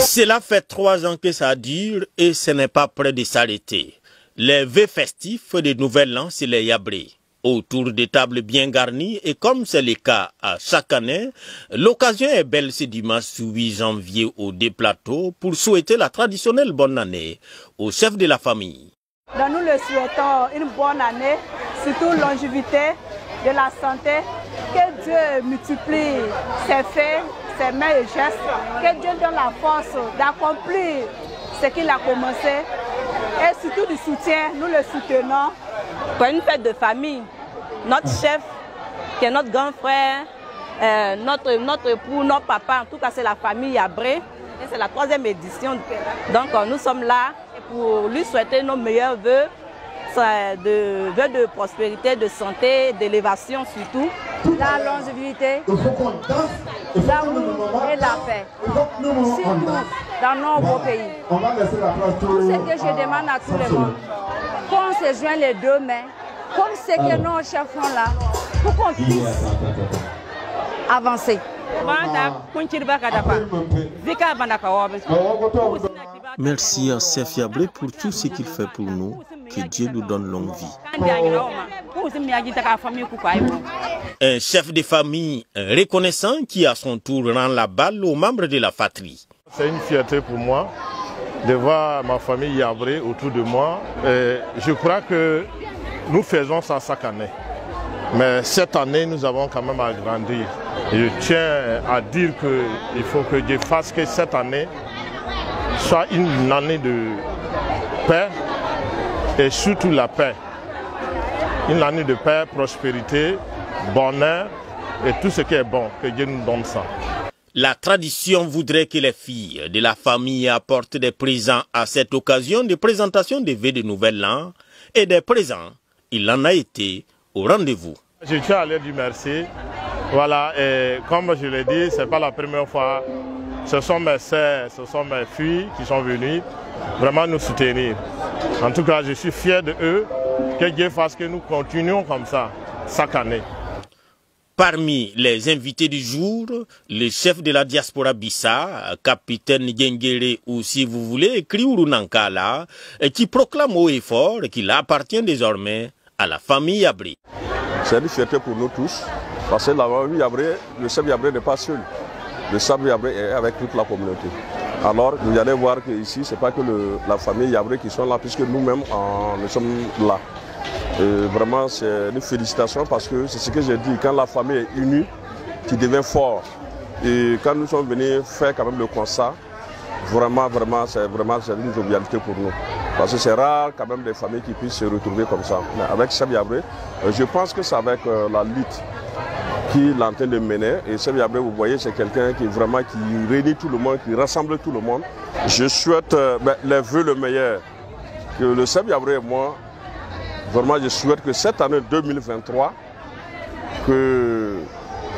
cela fait trois ans que ça dure et ce n'est pas près de s'arrêter. Les vœux festifs de Nouvel An, c'est les Yabrés autour des tables bien garnies et comme c'est le cas à chaque année, l'occasion est belle ce dimanche 8 janvier au Déplateau pour souhaiter la traditionnelle bonne année au chef de la famille. nous le souhaitons une bonne année, surtout longévité, de la santé que Dieu multiplie ses faits, ses mains et gestes. Que Dieu donne la force d'accomplir ce qu'il a commencé. Et surtout du soutien, nous le soutenons. Pour une fête de famille, notre chef, qui est notre grand frère, euh, notre, notre époux, notre papa, en tout cas c'est la famille Yabré, C'est la troisième édition. Donc euh, nous sommes là pour lui souhaiter nos meilleurs voeux de, de prospérité, de santé, d'élévation surtout. La longévité, l'amour et la paix. dans nos pays. Tout ce que je demande à tout le monde, qu'on se joigne les deux mains, comme ce que nos chefs font là, pour qu'on puisse avancer. Merci à Sefia pour tout ce qu'il fait pour nous que Dieu nous donne longue vie. Un chef de famille euh, reconnaissant qui à son tour rend la balle aux membres de la fatrie. C'est une fierté pour moi de voir ma famille Yabré autour de moi. je crois que nous faisons ça chaque année. Mais cette année, nous avons quand même à grandir. Je tiens à dire qu'il faut que Dieu fasse que cette année soit une année de paix, et surtout la paix. Une année de paix, prospérité, bonheur et tout ce qui est bon. Que Dieu nous donne ça. La tradition voudrait que les filles de la famille apportent des présents à cette occasion de présentation des vœux de Nouvel An et des présents. Il en a été au rendez-vous. Je tiens à leur dire merci. Voilà, et comme je l'ai dit, ce n'est pas la première fois ce sont mes sœurs, ce sont mes filles qui sont venues vraiment nous soutenir. En tout cas, je suis fier de eux. Que Dieu fasse que nous continuions comme ça, chaque année. Parmi les invités du jour, le chef de la diaspora Bissa, capitaine Gengere ou si vous voulez, Kriuru Nankala, qui proclame haut et fort qu'il appartient désormais à la famille Yabri. C'est une fierté pour nous tous, parce que la famille Yabré, le chef Yabré n'est pas seul le sable Yabré est avec toute la communauté. Alors vous allez voir qu'ici, ce n'est pas que la famille Yabré qui sont là, puisque nous-mêmes, nous sommes là. vraiment, c'est une félicitation parce que c'est ce que j'ai dit, quand la famille est unie, qui devient fort. Et quand nous sommes venus faire quand même le constat, vraiment, vraiment, c'est vraiment une jovialité pour nous. Parce que c'est rare quand même des familles qui puissent se retrouver comme ça. Mais avec SAB Yabré, euh, je pense que c'est avec euh, la lutte qui est de mener. Et Seb Yabré, vous voyez, c'est quelqu'un qui vraiment qui réunit tout le monde, qui rassemble tout le monde. Je souhaite euh, ben, les vœux le meilleur. Que le Seb Yabré et moi, vraiment, je souhaite que cette année 2023, que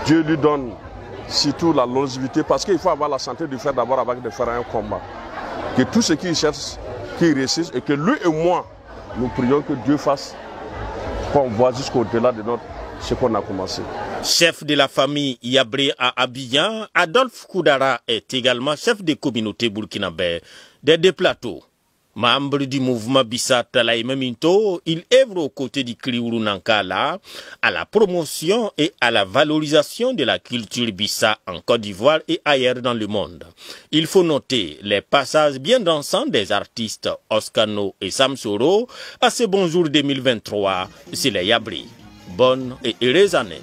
Dieu lui donne surtout la longévité, parce qu'il faut avoir la santé de faire d'abord avant de faire un combat. Que tout ce qui cherche, qui réussisse, et que lui et moi, nous prions que Dieu fasse qu'on voit jusqu'au-delà de notre qu'on a Chef de la famille Yabré à Abidjan, Adolphe Koudara est également chef des communautés burkinabè des deux plateaux. Membre du mouvement Bissa Talay il œuvre aux côtés du Kriouru Nankala à la promotion et à la valorisation de la culture Bissa en Côte d'Ivoire et ailleurs dans le monde. Il faut noter les passages bien dansants des artistes Oscano et Samsoro à ce bonjour 2023, c'est les Yabri. Bonne et heureuses années.